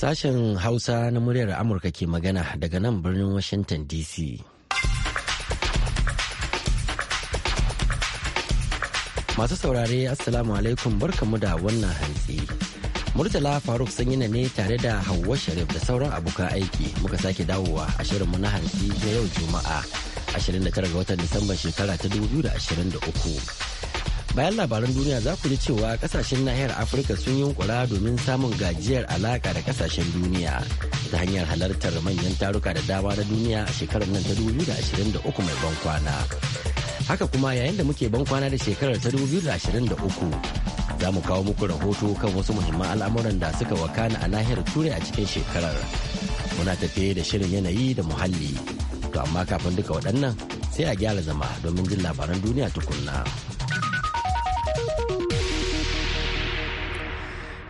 Sashen Hausa na muryar Amurka ke magana daga nan birnin Washington DC. Masu saurare Assalamu alaikum barkamu da wannan hantsi. Murtala Faruk Sanyina ne tare da Hauwa Sharif da sauran abokan aiki muka sake dawowa a shirin mu na hantsi na yau Juma'a 29 ga watan Disamba shekara ta 2023. bayan labaran duniya za ku ji cewa kasashen nahiyar afirka sun yi yunkura domin samun gajiyar alaka da kasashen duniya ta hanyar halartar manyan taruka da dama na duniya a shekarar nan ta 2023 mai ban kwana haka kuma yayin da muke ban kwana da shekarar ta 2023 za mu kawo muku rahoto kan wasu muhimman al'amuran da suka wakana a nahiyar turai a cikin shekarar muna tafe da shirin yanayi da muhalli to amma kafin duka waɗannan sai a gyara zama domin jin labaran duniya tukunna.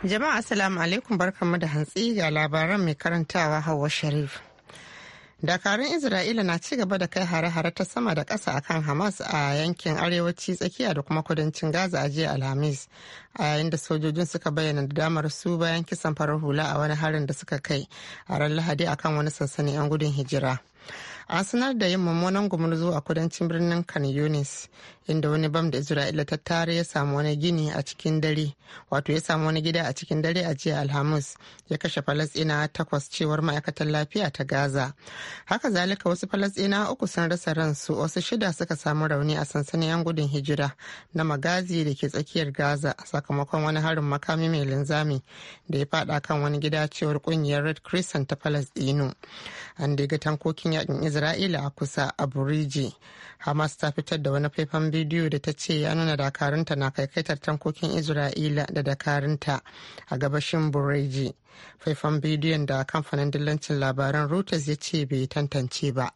Jama'a Assalamu alaikum barkanmu da hantsi ga labaran mai karantawa Hauwa Sharif. Dakarun Isra'ila na ci gaba da kai hare-hare ta sama da ƙasa akan Hamas a yankin arewaci tsakiya da kuma kudancin Gaza a jiya Alhamis, a yayin da sojojin suka bayyana da damar su bayan kisan farar hula a wani harin da suka kai a ran Lahadi akan wani sansanin 'yan gudun hijira. an sanar da yin mummunan gumurzu a kudancin birnin kan inda wani bam da isra'ila ta tare ya samu wani gini a cikin dare wato ya samu wani gida a cikin dare a jiya alhamis ya kashe falastina takwas cewar ma'aikatan lafiya ta gaza haka zalika wasu falastina uku sun rasa ransu wasu shida suka samu rauni a sansanin yan gudun hijira na magazi da ke tsakiyar gaza sakamakon wani harin makami mai linzami da ya fada kan wani gida cewar kungiyar red crescent ta falasɗinu an daga tankokin yakin isra'ila a kusa a buriji hamas ta fitar da wani faifan bidiyo da ta ce ya nuna dakarunta na kaikaitar tankokin isra'ila da dakarunta a gabashin bureji faifan bidiyon da kamfanin dillancin labaran reuters ya ce bai tantance ba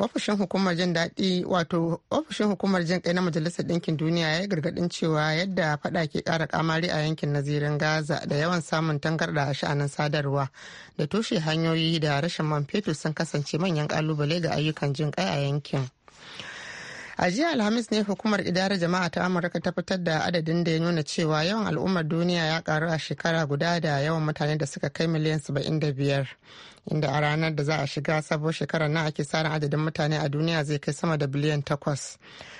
ofishin hukumar jin daɗi wato ofishin hukumar jin kai na majalisar ɗinkin duniya ya yi gargaɗin cewa yadda faɗa ke ƙara kamari a yankin nazirin gaza da yawan samun tangarɗa a sha'anin sadarwa da toshe hanyoyi da rashin man fetur sun kasance manyan kalubale ga ayyukan jin kai a yankin a jiya alhamis ne hukumar idara jama'a ta amurka ta fitar da adadin da ya nuna cewa yawan al'ummar duniya ya karu a shekara guda da yawan mutane da suka kai miliyan 75 inda a ranar da za a shiga sabon shekarar na ake sa adadin mutane a duniya zai kai sama da biliyan takwas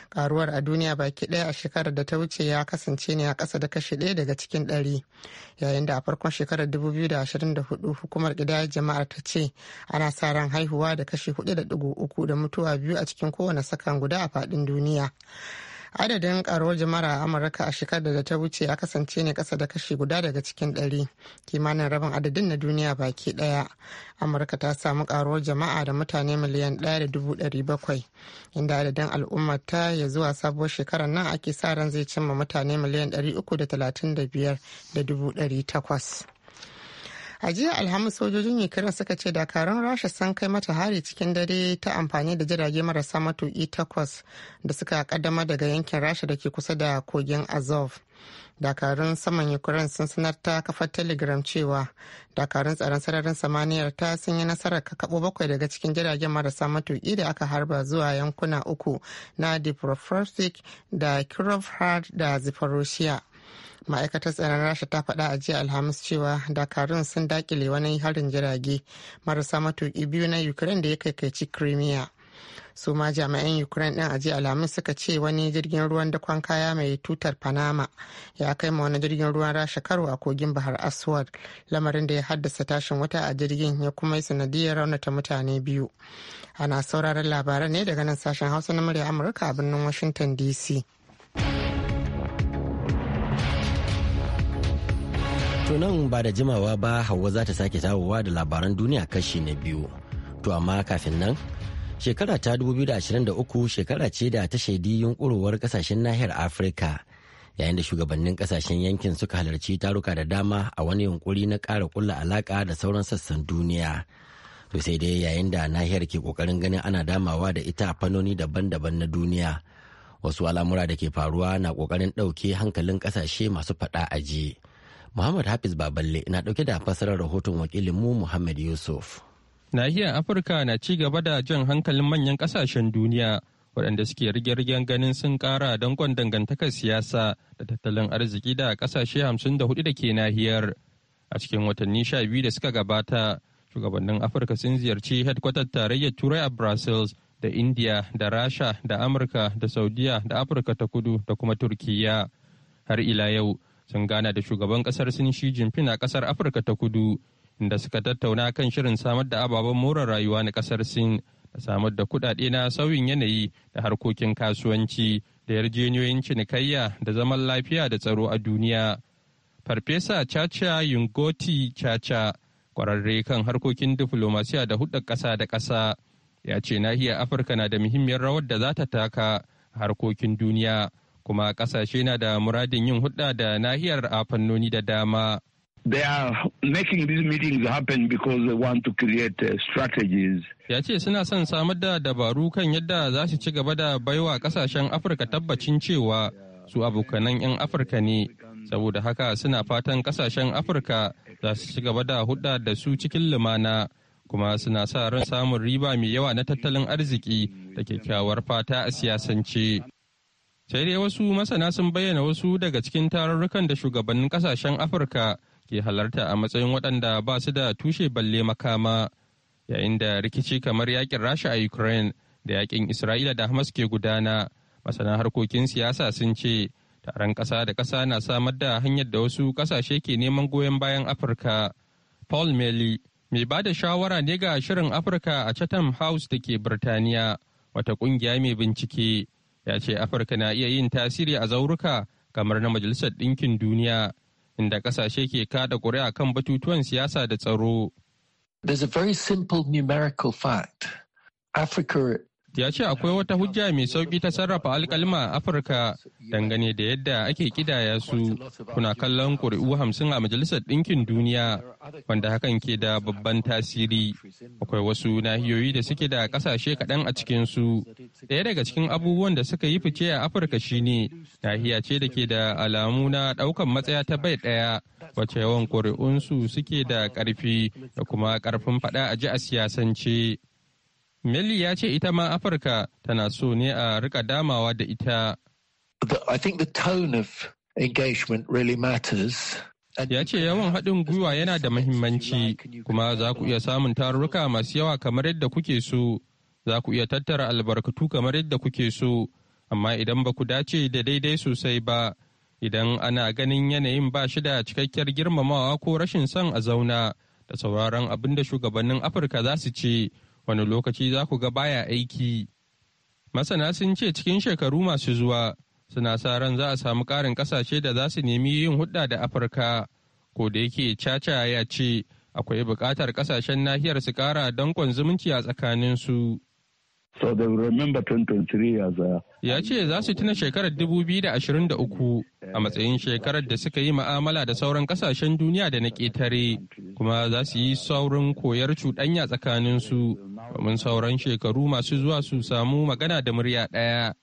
karuwar a duniya baki ɗaya a shekarar da ta wuce ya kasance ne a ƙasa da kashi ɗaya daga cikin ɗari yayin da a farkon shekarar 2024 hukumar gida jama'ar ta ce ana sa ran haihuwa da kashi 4.3 da mutuwa biyu a cikin kowane sakan guda a faɗin duniya adadin karuwar jama'a a amurka a shekarar da ta wuce ya kasance ne kasa da kashi guda daga cikin ɗari kimanin rabin adadin na duniya baki ɗaya amurka ta samu karuwar jama'a da mutane miliyan ɗaya da dubu ɗari bakwai inda adadin al'umma ta ya zuwa sabuwar shekarar nan ake sa ran zai cimma mutane miliyan ɗari uku da talatin da biyar da dubu takwas. a jiya alhamis sojojin ukraine suka ce dakarun rasha sun kai mata hari cikin dare ta amfani da jirage marasa matuƙi takwas da suka kaddama daga yankin rasha da ke kusa da kogin azov dakarun saman ukraine sun sanar ta kafar telegram cewa dakarun tsaron sararin samaniyar ta sun yi nasarar kakabo bakwai daga cikin jiragen marasa matuki da aka harba zuwa yankuna uku na diprofrostic da hard da zaporoshiya ma'aikatar tsaron rasha ta faɗa a jiya alhamis cewa dakarun sun dakile wani harin jirage marasa matuƙi biyu na ukraine da ya kaikaici crimea su ma jami'an ukraine din jiya alhamis suka ce wani jirgin ruwan dakon kaya mai tutar panama ya kai ma wani jirgin ruwan rasha karo a kogin bahar aswad lamarin da ya haddasa tashin wuta a jirgin ya kuma yi sanadiyar raunata mutane biyu ana sauraron labaran ne daga nan sashen hausa na murya amurka a birnin washington dc To nan ba da jimawa ba Hauwa za ta sake tawowa da labaran duniya kashi na biyu. To amma kafin nan, shekara ta 2023 shekara ce da ta shaidi yunkurowar kasashen nahiyar Afirka. Yayin da shugabannin kasashen yankin suka halarci taruka da dama a wani yunkuri na ƙara kulla alaƙa da sauran sassan duniya. To sai dai yayin da nahiyar ke ƙoƙarin ganin ana damawa da ita a fannoni daban-daban na duniya. Wasu al'amura da ke faruwa na ƙoƙarin ɗauke hankalin ƙasashe masu faɗa a jiye Muhammad Hafiz Baballe na ɗauke da fasarar rahoton wakilin mu Muhammad Yusuf. Nahiyar Afirka na ci gaba da jan hankalin manyan ƙasashen duniya waɗanda suke rige-rigen ganin sun ƙara dangon dangantakar siyasa da tattalin arziki da ƙasashe hamsin da hudu da ke nahiyar. A cikin watanni sha biyu da suka gabata, shugabannin Afirka sun ziyarci hedkwatar tarayyar Turai a Brussels da India da Rasha da Amurka da Saudiya da Afirka ta kudu da kuma Turkiyya. Har ila yau, sun gana da shugaban kasar sun shi jinfin a kasar afirka ta kudu inda suka tattauna kan shirin samar da ababen more rayuwa na kasar sin da samar da kudade na sauyin yanayi da harkokin kasuwanci da yarjejeniyoyin cinikayya da zaman lafiya da tsaro a duniya farfesa chacha yungoti chacha kwararre kan harkokin diflomasiya da hudar kasa da kasa ya ce nahiyar afirka na da muhimmiyar rawar da za ta taka harkokin duniya kuma kasashe na da muradin yin hudda da nahiyar a fannoni da dama. They are making these meetings happen because they want to create uh, strategies. Ya ce suna son samar da dabaru kan yadda za su ci gaba da baiwa kasashen Afirka tabbacin cewa su abokanan 'yan Afirka ne. Saboda haka suna fatan kasashen Afirka za su ci gaba da hudda da su cikin lumana. kuma suna sa ran samun riba mai yawa na tattalin arziki da kyakkyawar fata a siyasance. sai dai wasu masana sun bayyana wasu daga cikin tarurrukan da shugabannin kasashen afirka ke halarta a matsayin waɗanda ba su da tushe balle makama yayin da rikici kamar yakin rasha a ukraine da yakin isra'ila da hamas ke gudana masana harkokin siyasa sun ce taron ƙasa da ƙasa na samar da hanyar da wasu ƙasashe ke neman goyon bayan afirka paul meli mai ba da shawara ne ga shirin afirka a chatham house da ke birtaniya wata ƙungiya mai bincike ya ce afirka na iya yin tasiri a zauruka kamar na majalisar ɗinkin duniya inda ƙasashe ke kada ƙuri'a kan batutuwan siyasa da tsaro. There's very simple numerical fact. Africa ya ce akwai wata hujja mai sauƙi ta sarrafa alkalma a afirka dangane da yadda ake kidaya su kuna kallon ƙuri'u hamsin a majalisar ɗinkin duniya wanda hakan ke da babban tasiri akwai wasu nahiyoyi da suke da ƙasashe kaɗan a cikinsu ɗaya daga cikin abubuwan da suka yi fice a afirka shine nahiya ce da ke da alamu na ɗaukan matsaya ta bai ɗaya wacce yawan ƙuri'unsu suke da ƙarfi da kuma ƙarfin faɗa a ji a siyasance Melly ya ce ita ma Afirka tana so ne a rika damawa da ita. I think the tone of engagement really matters. Ya ce yawan haɗin gwiwa yana da mahimmanci kuma za ku iya samun tarurruka masu yawa kamar yadda kuke so, za ku iya tattara albarkatu kamar yadda kuke so, amma idan ba ku dace da daidai sosai ba, idan ana ganin yanayin ba shi da cikakkiyar girmamawa ko rashin son a zauna da sauraron abin da shugabannin Afirka za su ce. wani lokaci za ku ga baya aiki. Masana sun ce cikin shekaru masu zuwa suna sa ran za a samu ƙarin ƙasashe da za su nemi yin hudda da Afirka, ko da yake caca ya ce akwai buƙatar ƙasashen nahiyar su ƙara dankon zumunci a tsakaninsu. So they remember 2023 as Ya ce za su tuna shekarar 2023 a matsayin shekarar da suka yi ma'amala da sauran kasashen duniya da na ƙetare, kuma za su yi saurin koyar cuɗanya tsakaninsu domin sauran shekaru masu zuwa su samu magana da murya ɗaya.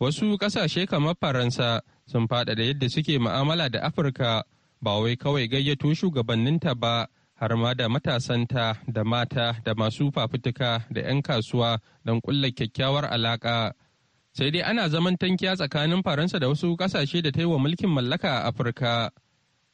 Wasu ƙasashe kamar Faransa sun faɗaɗa yadda suke ma'amala da Afirka ba wai kawai gayyato shugabanninta ba har ma da matasanta da mata da masu fafutuka da 'yan kasuwa don ƙulla kyakkyawar alaƙa. Sai dai ana zaman tankiya tsakanin Faransa da wasu ƙasashe da ta yi wa mulkin mallaka a Afirka.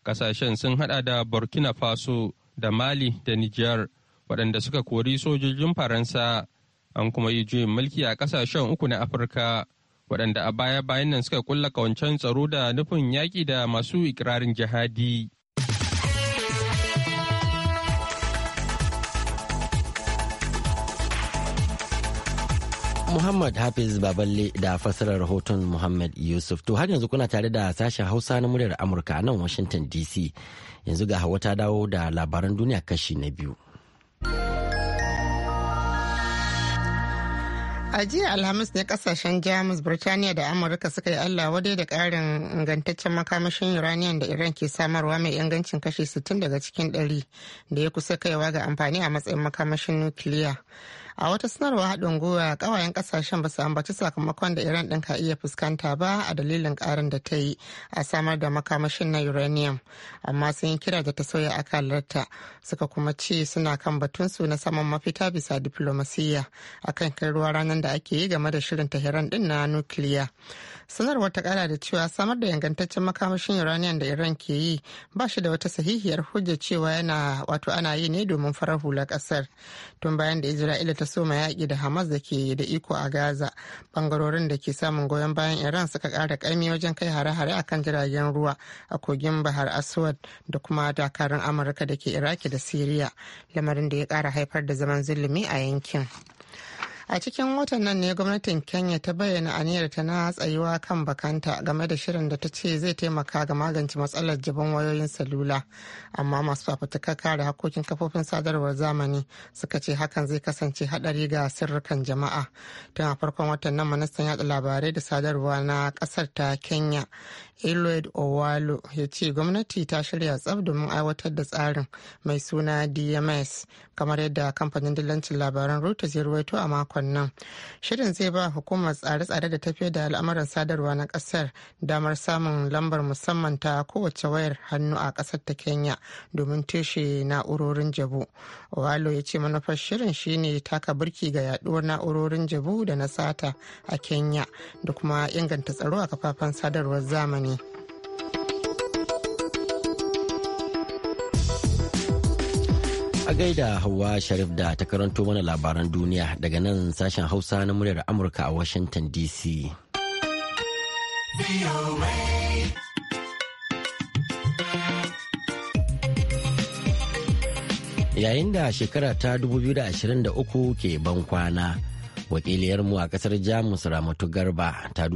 Ƙasashen sun haɗa da Burkina Faso da Mali da Nijar. waɗanda suka kori sojojin faransa an kuma yi juyin mulki a ƙasashen uku na afirka waɗanda a baya bayan nan suka kulla kawancen tsaro da nufin yaƙi da masu ikirarin jihadi Muhammad Hafiz Baballe da fassarar rahoton Muhammad Yusuf. To har yanzu kuna tare da sashen Hausa na muryar Amurka a nan Washington DC. Yanzu ga hawa ta dawo da labaran duniya kashi na biyu. a jiya alhamis ne kasashen jamus birtaniya da amurka suka yi allah wadai da karin ingantaccen makamashin uranium da iran ke samarwa mai ingancin kashi 60 daga cikin 100 da ya kusa kaiwa ga amfani a matsayin makamashin nukiliya a wata sanarwa haɗin gwiwa ƙawayen ƙasashen ba su ambaci sakamakon da iran ɗin ka iya fuskanta ba a dalilin ƙarin da ta yi a samar da makamashin na uranium amma sun yi kira da ta sauya akalarta suka kuma ce suna kan batunsu na saman mafita bisa diflomasiyya akan kai ruwa ranar da ake yi game da shirin tahiran ɗin na nukiliya sanarwar ta kara da cewa samar da ingantaccen makamashin iranian da iran ke yi ba shi da wata sahihiyar hujja cewa yana wato ana yi ne domin farar hula kasar tun bayan da isra'ila ta soma yaƙi da hamas da ke da iko a gaza bangarorin da ke samun goyon bayan iran suka kara ƙaimi wajen kai hare-hare a kan jiragen ruwa a kogin bahar aswad da kuma dakarun amurka da ke iraki da siriya lamarin da ya kara haifar da zaman zulumi a yankin. a cikin watan nan ne gwamnatin kenya ta bayyana aniyar ta na tsayuwa kan bakanta game da shirin da ta ce zai taimaka ga magance matsalar jibin wayoyin salula amma masu fafutukar kare hakokin kafofin sadarwar zamani suka ce hakan zai kasance hadari ga sirrukan jama'a tun a farkon watan nan ministan yada labarai da sadarwa na kasar ta kenya Eloid Owalo ya ce gwamnati ta shirya tsab domin aiwatar da tsarin mai suna DMS kamar yadda kamfanin dillancin labaran Reuters ya ruwaito a mako makon nan shirin zai ba hukumar tsare-tsare da tafiye da al'amuran sadarwa na kasar damar samun lambar musamman ta kowace wayar hannu a kasar ta kenya domin tushe na'urorin jabu walo ya ce manufar shirin shine taka birki ga yaduwar na'urorin jabu da na sata a kenya da kuma inganta tsaro a kafafen sadarwar zamani A gaida Hauwa Sharif da ta karanto mana labaran duniya daga nan sashen Hausa na muryar Amurka a Washington DC. Yayin da shekara ta 2023 ke ban kwana, wakiliyarmu a kasar Jamus Ramatu Garba ta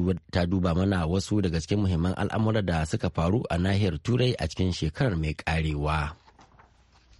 duba mana wasu daga cikin muhimman al'amura da suka faru a nahiyar Turai a cikin shekarar mai karewa.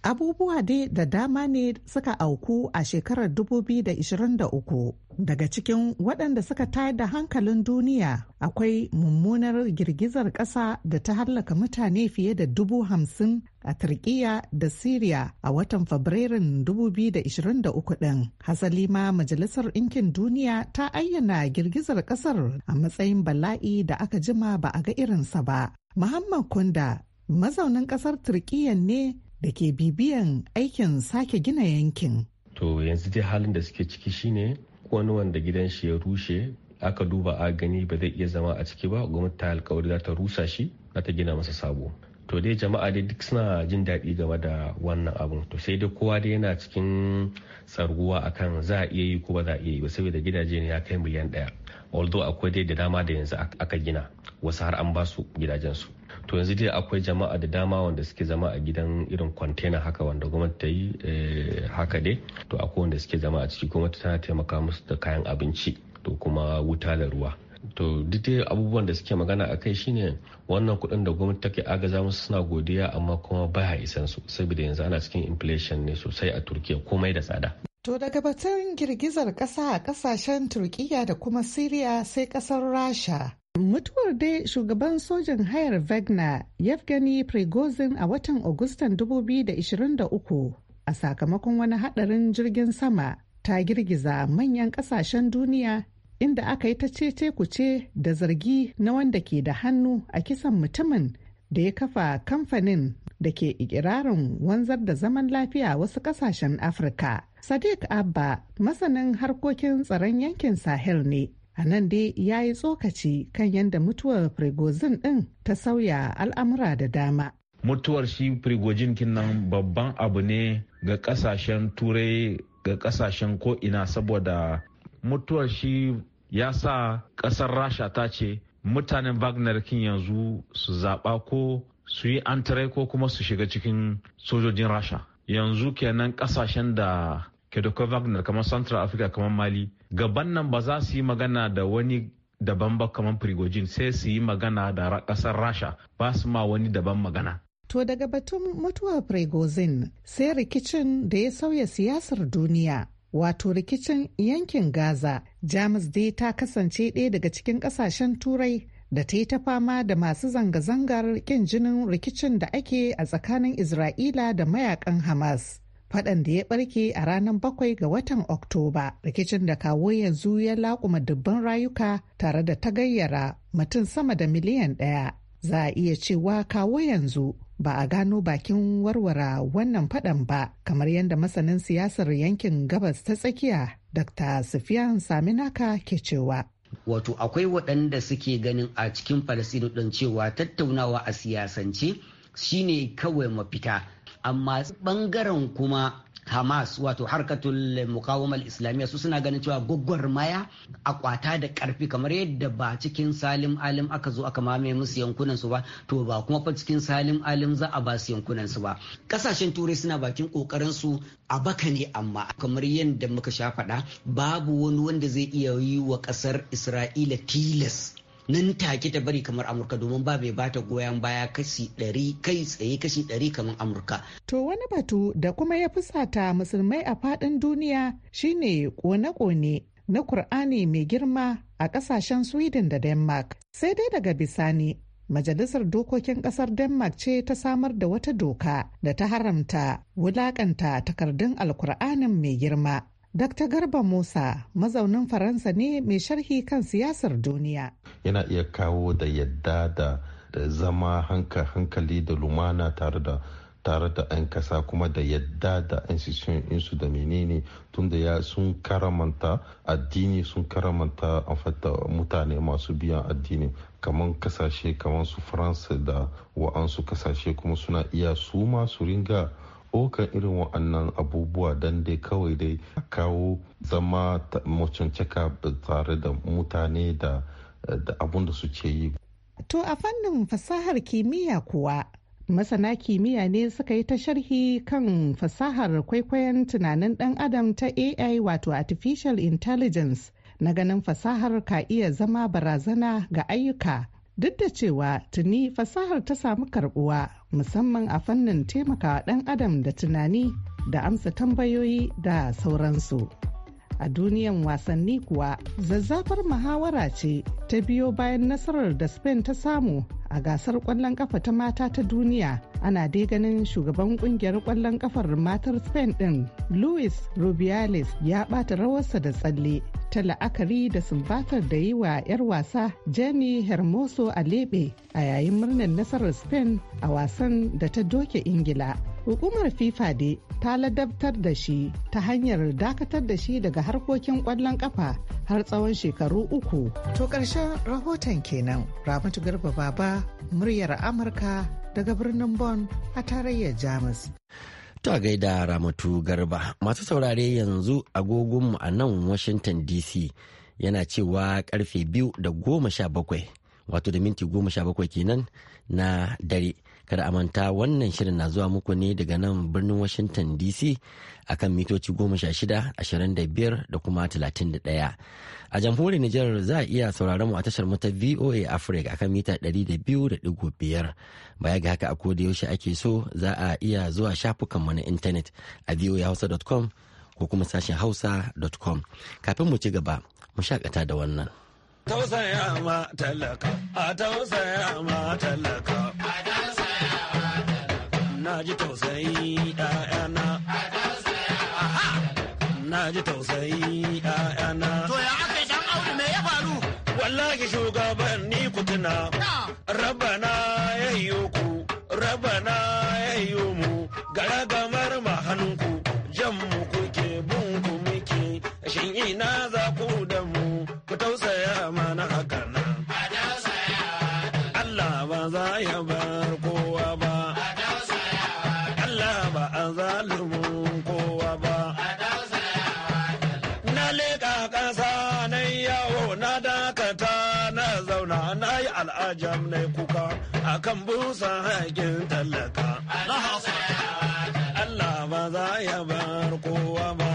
abubuwa dai da dama ne suka auku a shekarar 2023 daga cikin waɗanda suka tayar da hankalin duniya akwai mummunar girgizar ƙasa da ta hallaka mutane fiye da dubu hamsin a turkiya da syria a watan fabrairun 2023 ɗin hasali ma majalisar ɗinkin duniya ta ayyana girgizar ƙasar a matsayin bala'i da aka jima ba a ga irinsa ba muhammad kunda mazaunin ƙasar turkiyya ne da ke bibiyan aikin sake gina yankin. To yanzu dai halin da suke ciki shine wani wanda gidan shi ya rushe aka duba a gani ba zai iya zama a ciki ba gwamnati ta alkawari za ta rusa shi za ta gina masa sabo. To dai jama'a dai duk suna jin daɗi game da wannan abun to sai dai kowa dai yana cikin tsarguwa akan za a iya yi ko ba za a iya yi ba saboda gidaje ne ya kai miliyan ɗaya. Although akwai dai da dama da yanzu aka gina wasu har an ba su gidajensu. to yanzu dai akwai jama'a da dama wanda suke zama a gidan irin kwantena haka wanda gwamnati ta yi eh, haka dai to akwai wanda suke zama a ciki gwamnati tana taimaka musu da kayan abinci to kuma wuta da ruwa to duk dai abubuwan da suke magana a kai shine wannan kudin da gwamnati take agaza musu suna godiya amma kuma baya isan su saboda yanzu ana cikin inflation ne sosai a turkiya komai da tsada To daga batun girgizar ƙasa a ƙasashen Turkiyya da kuma Siriya sai kasar Rasha Mutuwar dai shugaban sojan hayar Wagner Yevgeny Prigozhin a watan Agustan 2023 a sakamakon wani hadarin jirgin sama ta girgiza manyan ƙasashen duniya inda aka yi ta cece kuce da zargi na wanda ke da hannu a kisan mutumin da ya kafa kamfanin da ke ikirarin wanzar da zaman lafiya wasu ƙasashen Afirka. Sadiq Abba masanin harkokin tsaron yankin Sahel ne. a nan dai ya yi tsokaci kan yadda mutuwar prigozin din ta sauya al'amura da dama mutuwar shi prigojin kinnan babban abu ne ga kasashen turai ga kasashen ko'ina saboda mutuwar shi ya sa kasar rasha ta ce mutanen wagner kin yanzu su zaɓa ko su yi antare ko kuma su shiga cikin sojojin rasha yanzu kenan kasashen da kedoko wagner kamar central africa kamar mali gaban nan ba za su yi magana da wani daban ba kamar prigojin sai su yi magana da kasar rasha ba su ma wani daban magana To daga batun mutuwar Prigozhin sai rikicin da ya sauya siyasar duniya wato rikicin yankin Gaza. Jamus dai ta kasance ɗaya daga cikin ƙasashen turai da ta yi ta fama da masu zanga-zangar ƙin jinin rikicin da ake a tsakanin Isra'ila da mayakan Hamas. faɗan da ya barke a ranar bakwai ga watan Oktoba rikicin da kawo yanzu ya laƙuma dubban rayuka tare da ta gayyara mutum sama da miliyan ɗaya. Za a iya cewa kawo yanzu ba a gano bakin warware wannan faɗan ba kamar yadda masanin siyasar yankin gabas ta tsakiya Dr. Sufiyan Saminaka ke cewa. Wato akwai waɗanda suke ganin a cikin Falasino ɗin cewa tattaunawa a siyasance shine kawai mafita. amma bangaren kuma Hamas wato harkatul mukawamal islamiyya su suna ganin cewa maya a kwata da karfi kamar yadda ba cikin salim alim aka zo aka mamaye musu yankunan su ba to ba kuma fa cikin salim alim za a ba su yankunan su ba kasashen turai suna bakin kokarin su a baka ne amma kamar yadda muka sha faɗa babu wani wanda zai iya yi wa ƙasar Isra'ila tilas nan take ta bari kamar amurka domin ba bai bata goyon baya kashi ɗari kai tsaye kashi ɗari kamar amurka. to wani batu da kuma ya fusata musulmai a faɗin duniya shine kone-kone na kur'ani mai girma a ƙasashen sweden da denmark sai dai daga bisani Majalisar Dokokin Ƙasar Denmark ce ta samar da wata doka da ta haramta wulakanta takardun Alkur'anin mai girma Dr. Garba Musa mazaunin Faransa ne mai sharhi kan siyasar duniya. Yana iya kawo da yadda da zama hankali da lumana tare da tare da 'yan kasa kuma da yadda da institution insu da menene tunda ya sun karamanta addini sun karamanta amfata mutane masu biyan addini kamar kasashe kamar su faransa da wa'ansu kasashe kuma suna iya su masu ringa ɗaukar irin wa'annan abubuwa don dai kawai dai kawo zama mutuncaka tare da mutane da abun da suke yi. To a fannin fasahar kimiyya kuwa masana kimiyya ne suka yi ta sharhi kan fasahar kwaikwayon tunanin dan adam ta AI wato artificial intelligence na ganin fasahar ka iya zama barazana ga ayyuka Duk da cewa tuni fasahar ta samu karbuwa musamman a fannin taimakawa ɗan adam da tunani da amsa tambayoyi da sauransu. A duniyan wasanni kuwa zazzafar muhawara ce ta biyo bayan nasarar da Spain ta samu a gasar kwallon kafa ta mata ta duniya ana dai ganin shugaban kungiyar kwallon kafar matar spain din luis rubiales ya bata rawarsa da tsalle ta la'akari da sumbatar da yi wa 'yar wasa jenny hermoso a lebe a yayin murnar nasarar spain a wasan da ta doke ingila hukumar fifa dai ta ladabtar da shi ta hanyar dakatar da shi daga harkokin kwallon kafa har tsawon shekaru uku to ƙarshen rahoton kenan ramatu garba baba muryar amurka daga birnin Bonn a tarayyar Jamus. Ta gaida Ramatu Garba masu saurare yanzu agogonmu a nan Washington DC yana cewa karfe biyu da goma sha bakwai wato da minti goma sha bakwai kenan na dare kada a manta wannan shirin na zuwa muku ne daga nan birnin washington dc kan mitoci goma sha shida ashirin da da kuma talatin da ɗaya a jamhuriyar nijar za a iya sauraron mu a tashar mu ta voa africa a kan mita ɗari da biyu da baya ga haka a koda yaushe ake so za a iya zuwa shafukan mu na intanet a voahausa.com ko kuma sashen hausa.com kafin mu ci gaba mu shakata da wannan. Tausaya ma talaka, a tausaya ma talaka. na ji tausayi ɗayana. Na ji tausayi ɗayana. To ya aka yi me ya faru? Wallahi shugaban ni ku tuna. Rabana ya ku, rabana ya yiwu mu, gara gamar ma mu kuke bunku muke, shin ina jam na kuka kan busa haƙin tallaka Allah ba za ya bar kowa ba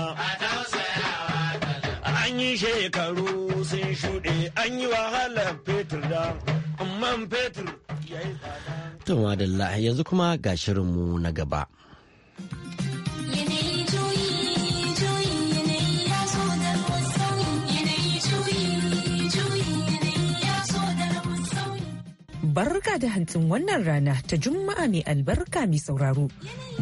an yi shekaru sun shuɗe an yi wahalar fetur da amman fetur ya yi tsada. yanzu kuma ga shirinmu na gaba. barka da hantsin wannan rana ta juma'a mai albarka mai sauraro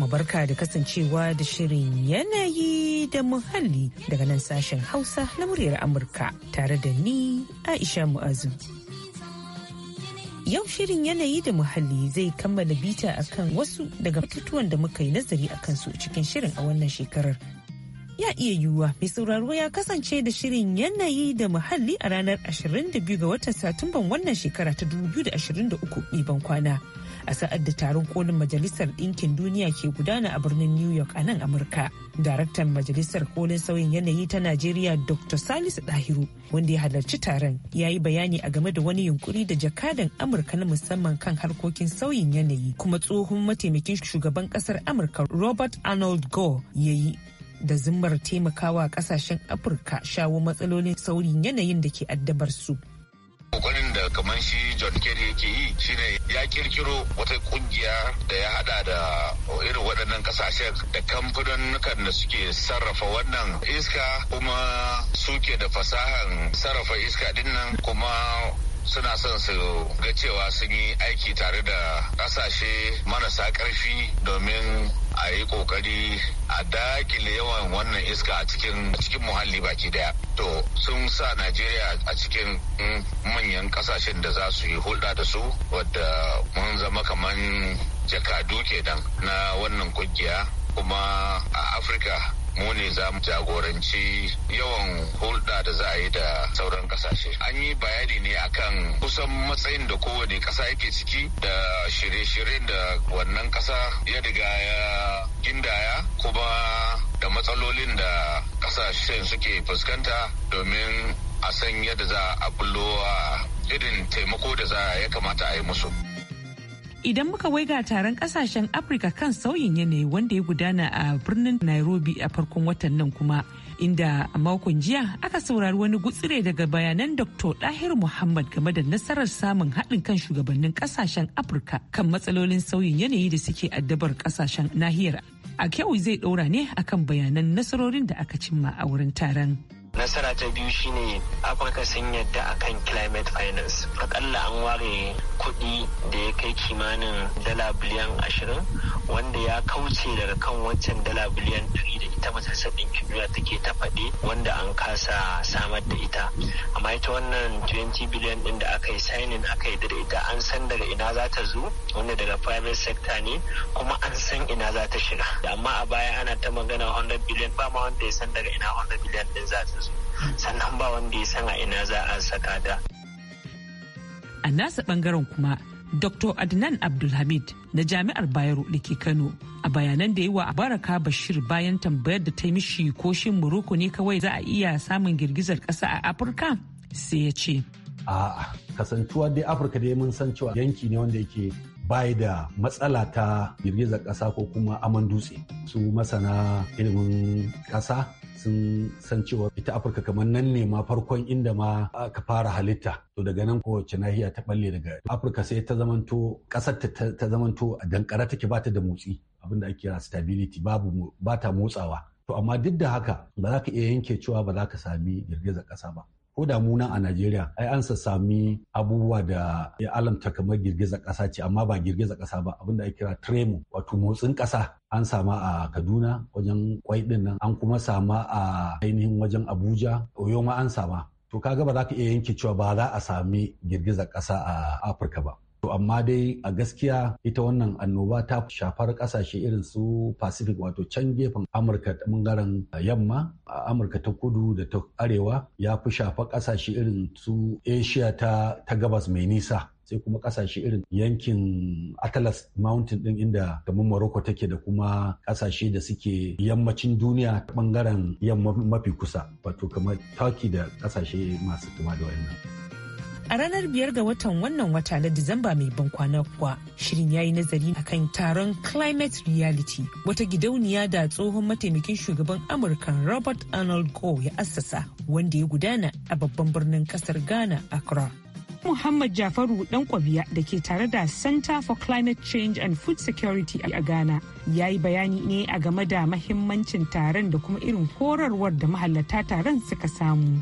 mabarka da kasancewa da shirin yanayi da muhalli daga nan sashen hausa na muryar amurka tare da ni aisha mu'azu yau shirin yanayi da muhalli zai kammala bita akan wasu daga batutuwan da muka yi nazari a kansu cikin shirin a wannan shekarar ya iya yiwuwa mai sauraro ya kasance da shirin yanayi da muhalli a ranar 22 ga watan satumban wannan shekara ta 2023 ɗiban kwana a sa'ad da taron kolin majalisar ɗinkin duniya ke gudana a birnin new york a nan amurka daraktan majalisar kolin sauyin yanayi ta najeriya dr salisu dahiru wanda ya halarci taron ya yi bayani a game da wani yunkuri da jakadan amurka na musamman kan harkokin sauyin yanayi kuma tsohon mataimakin shugaban kasar amurka robert arnold gore ya yi da zimmar taimakawa kasashen afirka shawo matsalolin saurin yanayin da ke addabar su kokarin da kamar shi john kerry yake yi shine ya kirkiro wata kungiya da ya hada da irin waɗannan kasashen da kamfanonukan da suke sarrafa wannan iska kuma suke da fasahan sarrafa iska dinnan kuma suna son su ga cewa sun yi aiki tare da kasashe marasa ƙarfi domin a yi kokari a dakile yawan wannan iska a cikin cikin muhalli baki daya to sun sa najeriya a cikin manyan kasashen da za su yi hulɗa da su wadda mun zama kaman jakadu kenan na wannan kungiya kuma a afirka mu ne za mu jagoranci yawan hulɗa da za a yi da sauran kasashe an yi bayani ne akan kusan matsayin da kowane ƙasa yake ciki da shirye-shiryen da wannan ƙasa ya riga ya gindaya kuma da matsalolin da ƙasashen suke fuskanta domin a san yadda za a bullo irin taimako da za ya kamata a yi musu. idan muka waiga taron kasashen afirka kan sauyin yanayi wanda ya gudana a birnin nairobi a farkon watan nan kuma inda a makon jiya aka saurari wani gutsire daga bayanan dr dahir muhammad game da nasarar samun haɗin kan shugabannin kasashen afirka kan matsalolin sauyin yanayi da suke addabar kasashen nahiyar a kyau zai ɗaura ne akan bayanan nasarorin da aka cimma a wurin taron nasara ta biyu shine afirka sun yadda akan climate finance akalla an ware kuɗi da ya kai kimanin dala biliyan ashirin wanda ya kauce daga kan waccan dala biliyan ɗari da ita majalisar ɗinkin duniya take ta faɗi wanda an kasa samar da ita amma ita wannan 20 biliyan ɗin da aka yi sainin aka yi da ita an san daga ina za ta zo wanda daga private sector ne kuma an san ina za ta shiga amma a baya ana ta magana 100 biliyan ba ma wanda ya san daga ina 100 biliyan ɗin za ta zo sannan ba wanda ya san a ina za a saka ta. A nasa bangaren kuma Dr. Adnan Abdulhamid na Jami'ar Bayero da ke Kano a bayanan da yawa a Baraka Bashir bayan tambayar da ta yi mishi ko shin Morocco ne kawai za a iya samun girgizar kasa a Afirka sai ya ce. A'a, kasantuwa dai Afirka dai mun san cewa yanki ne wanda yake bai da matsala ta girgizar kasa ko kuma aman dutse. Su masana ilimin kasa. sun san cewa ita afirka kamar nan ne ma farkon inda ma aka fara halitta to daga nan kowace nahiya ta balle daga afirka sai ta zamanto kasar ta zamanto a dankara take bata da motsi abinda ake kira stability babu bata motsawa to amma duk da haka ba za ka iya yanke cewa ba za ka sami girgizar ƙasa ba ko da mu nan a Najeriya ai an sami abubuwa da ya alamta kamar girgizar ƙasa ce amma ba girgizar ƙasa ba Abin da ake kira tremo wato motsin ƙasa an sama a Kaduna wajen kwai din nan an kuma sama a ainihin wajen Abuja Oyo ma an sama to kaga ba za ka iya yanke cewa ba za a sami girgizar ƙasa a Afirka ba amma dai a gaskiya ita wannan annoba ta shafar kasashe irin su Pacific wato can gefen Amurka bangaren yamma a Amurka ta kudu da ta arewa ya fi shafar kasashe irin su Asia ta, ta gabas mai nisa. sai kuma kasashe irin yankin atlas mountain din inda kamar morocco take da kuma kasashe da suke yammacin duniya ta bangaren yamma mafi kusa wato kamar turkey da kasashe masu tuma da A ranar biyar ga watan wannan wata na Disamba mai ban kwana kuwa, shirin ya yi nazari kan taron Climate Reality, wata gidauniya da tsohon mataimakin shugaban Amurkan Robert Arnold go ya assasa wanda ya gudana a babban birnin kasar Ghana, Accra. Muhammad Jafaru dan kwabiya da ke tare da Center for Climate Change and Food Security a Ghana ya yi bayani ne a game da mahimmancin taron da kuma irin horarwar da mahallata taron suka samu.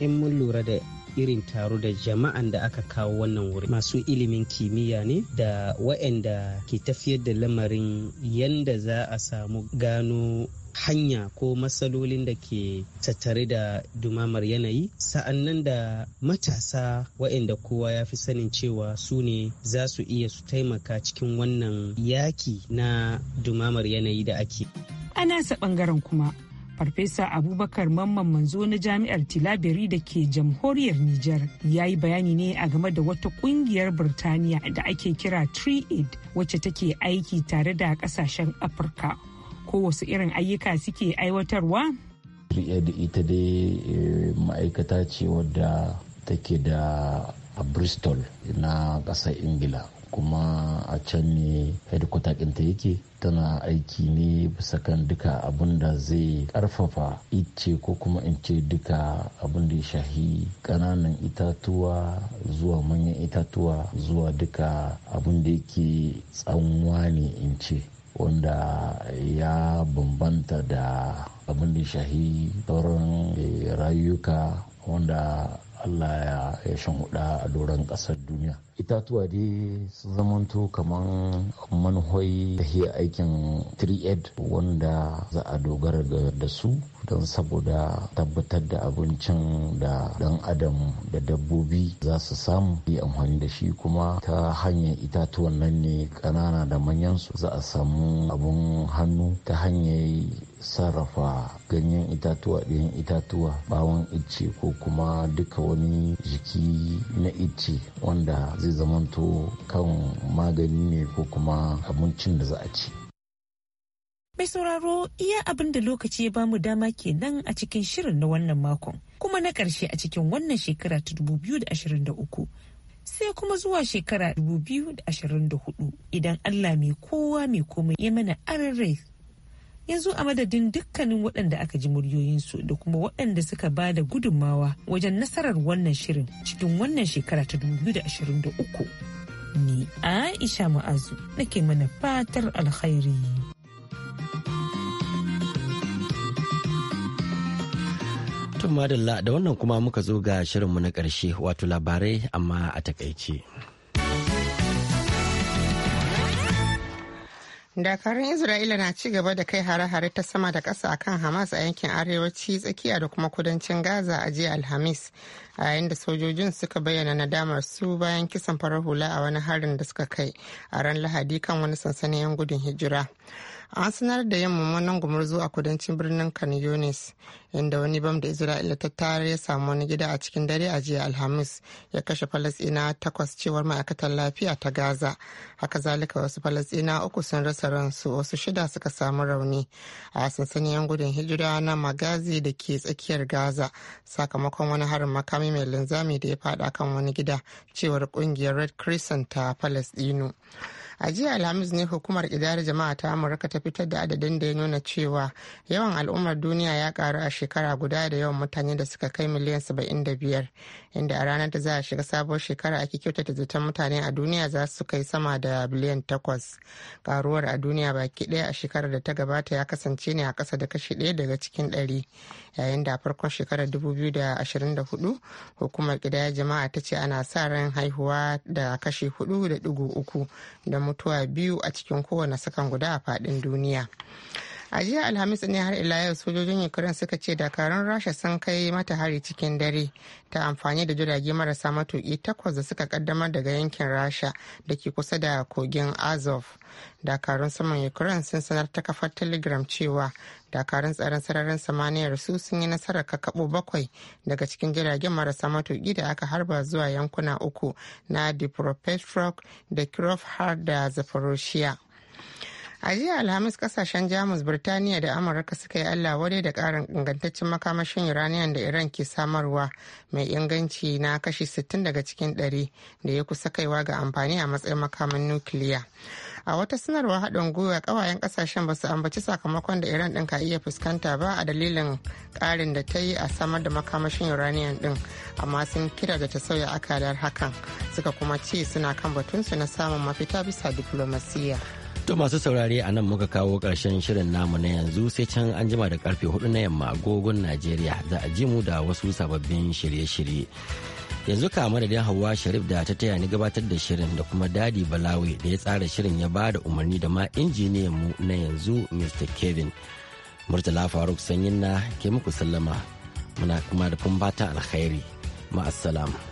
In mun lura da irin taro da jama'an da aka kawo wannan wuri masu ilimin kimiyya ne da waɗanda ke tafiyar da lamarin yanda za a samu gano hanya ko matsalolin da ke tattare da dumamar yanayi sa'annan da matasa waɗanda kowa ya fi sanin cewa su ne za su iya su taimaka cikin wannan yaki na dumamar yanayi da ake. Ana sa ɓangaren kuma farfesa abubakar mamman manzo na jami'ar tilabiri da ke jamhuriyar nijar ya yi bayani ne a game da wata kungiyar birtaniya da ake kira tri aid wacce take aiki tare da kasashen afirka ko wasu irin ayyuka suke aiwatarwa aid ita dai eh, ma'aikata ce wadda take da a bristol na ƙasar ingila kuma a can ne headquarter ɗinta yake tana aiki ne bisa kan duka abin da zai ƙarfafa ice ko kuma in ce duka abin da ya shahi Ƙananan itatuwa zuwa manyan itatuwa zuwa duka abin da yake tsanwa ne in ce wanda ya bambanta da abin da ya shahi sauran eh, rayuka wanda Allah ya shan ya shanhuda a doron ƙasar duniya. Itatuwa dai su zamanto kamar manhoyi da aikin 3 wanda za a dogara da su don saboda tabbatar da abincin da dan adam da dabbobi za su samu yi amfani da shi kuma ta hanyar itatuwan nan ne ƙanana da manyansu. su za a samu abun hannu ta hanyar sarrafa ganyen itatuwa ɗin itatuwa bawon icce ko kuma duka wani jiki na icce wanda zai zamanto kan magani ne ko kuma abincin da za a ci Mai sauraro iya abin da lokaci ya bamu dama kenan a cikin shirin na wannan makon kuma na ƙarshe a cikin wannan shekara ta 2023 sai kuma zuwa shekara 2024 idan Allah mai kowa mai komai ya mana rai. yanzu a madadin dukkanin waɗanda aka ji muryoyinsu da kuma waɗanda suka ba da gudummawa wajen nasarar wannan shirin cikin wannan shekara ta 2023 ni aisha ma'azu nake mana fatar alkhairi tun madalla da wannan kuma muka zo ga shirinmu na ƙarshe wato labarai amma a takaice. dakarun isra'ila na ci gaba da kai hare-hare ta sama da ƙasa akan hamas a yankin arewaci tsakiya da kuma kudancin gaza a jiya alhamis a yayin da sojojin suka bayyana nadamar su bayan kisan farar hula a wani harin da suka kai a ran lahadi kan wani sansanin 'yan gudun hijira an sanar da yamma mummunan gumurzu a kudancin birnin kan inda wani bam da isra'ila ta tare ya samu wani gida a cikin dare a jiya alhamis ya kashe falasina takwas cewar ma'aikatar lafiya ta gaza haka zalika wasu falasina uku sun rasa ransu wasu shida suka samu rauni a sansanin yan gudun hijira na magazi da ke tsakiyar gaza sakamakon wani harin makami mai linzami da ya fada kan wani gida cewar kungiyar red crescent ta falasinu a jiya alhamis ne hukumar idara jama'a ta amurka ta fitar da adadin da ya nuna cewa yawan al'ummar duniya ya karu a shekara guda da yawan mutane da suka kai miliyan 75 inda a ranar da za a shiga sabuwar shekara ake kyautata zaton mutane a duniya za su kai sama da biliyan 8 karuwar a duniya baki daya a shekarar da ta gabata ya kasance ne a kasa da kashi daya daga cikin ɗari yayin da a farkon shekarar 2024 hukumar idara jama'a ta ce ana sa ran haihuwa da kashi 4.3 da mutuwa biyu a cikin kowane sakan guda a faɗin duniya a jiya alhamis ne har ila yau sojojin ukraine suka ce dakarun rasha sun kai mata hari cikin dare ta amfani da jirage marasa matuki takwas da suka kaddamar daga yankin rasha da ke kusa da kogin azov dakarun saman ukraine sun sanar ta kafar telegram cewa dakarun tsaron sararin samaniyar su sun yi nasarar kakabo bakwai daga cikin jiragen marasa matuki da aka harba zuwa yankuna uku na dnipropetrovsk da kirov har da zaporoshiya a jiya alhamis kasashen jamus birtaniya da amurka suka yi allah wadai da karin ingantaccen makamashin uranium da iran ke samarwa mai inganci na kashi 60 daga cikin 100 da ya kusa kaiwa ga amfani a matsayin makamin nukiliya a wata sanarwa haɗin gwiwa ƙawayen ƙasashen ba su ambaci sakamakon da iran ɗin ka iya fuskanta ba a dalilin ƙarin da ta yi a samar da makamashin uranium ɗin amma sun kira da ta sauya akalar hakan suka kuma ce suna kan batunsu na samun mafita bisa diflomasiyya. To masu saurare a nan muka kawo ƙarshen shirin namu na yanzu sai can an jima da karfe hudu na yamma agogon Najeriya za a ji mu da wasu sababbin shirye-shirye. Yanzu ka madadin Hauwa Sharif da ta taya ni gabatar da shirin da kuma Dadi Balawi da ya tsara shirin ya ba da umarni da ma injiniyan mu na yanzu Mr. Kevin. Murtala Faruk Sanyin na ke muku sallama muna kuma da fatan alkhairi ma'asalam.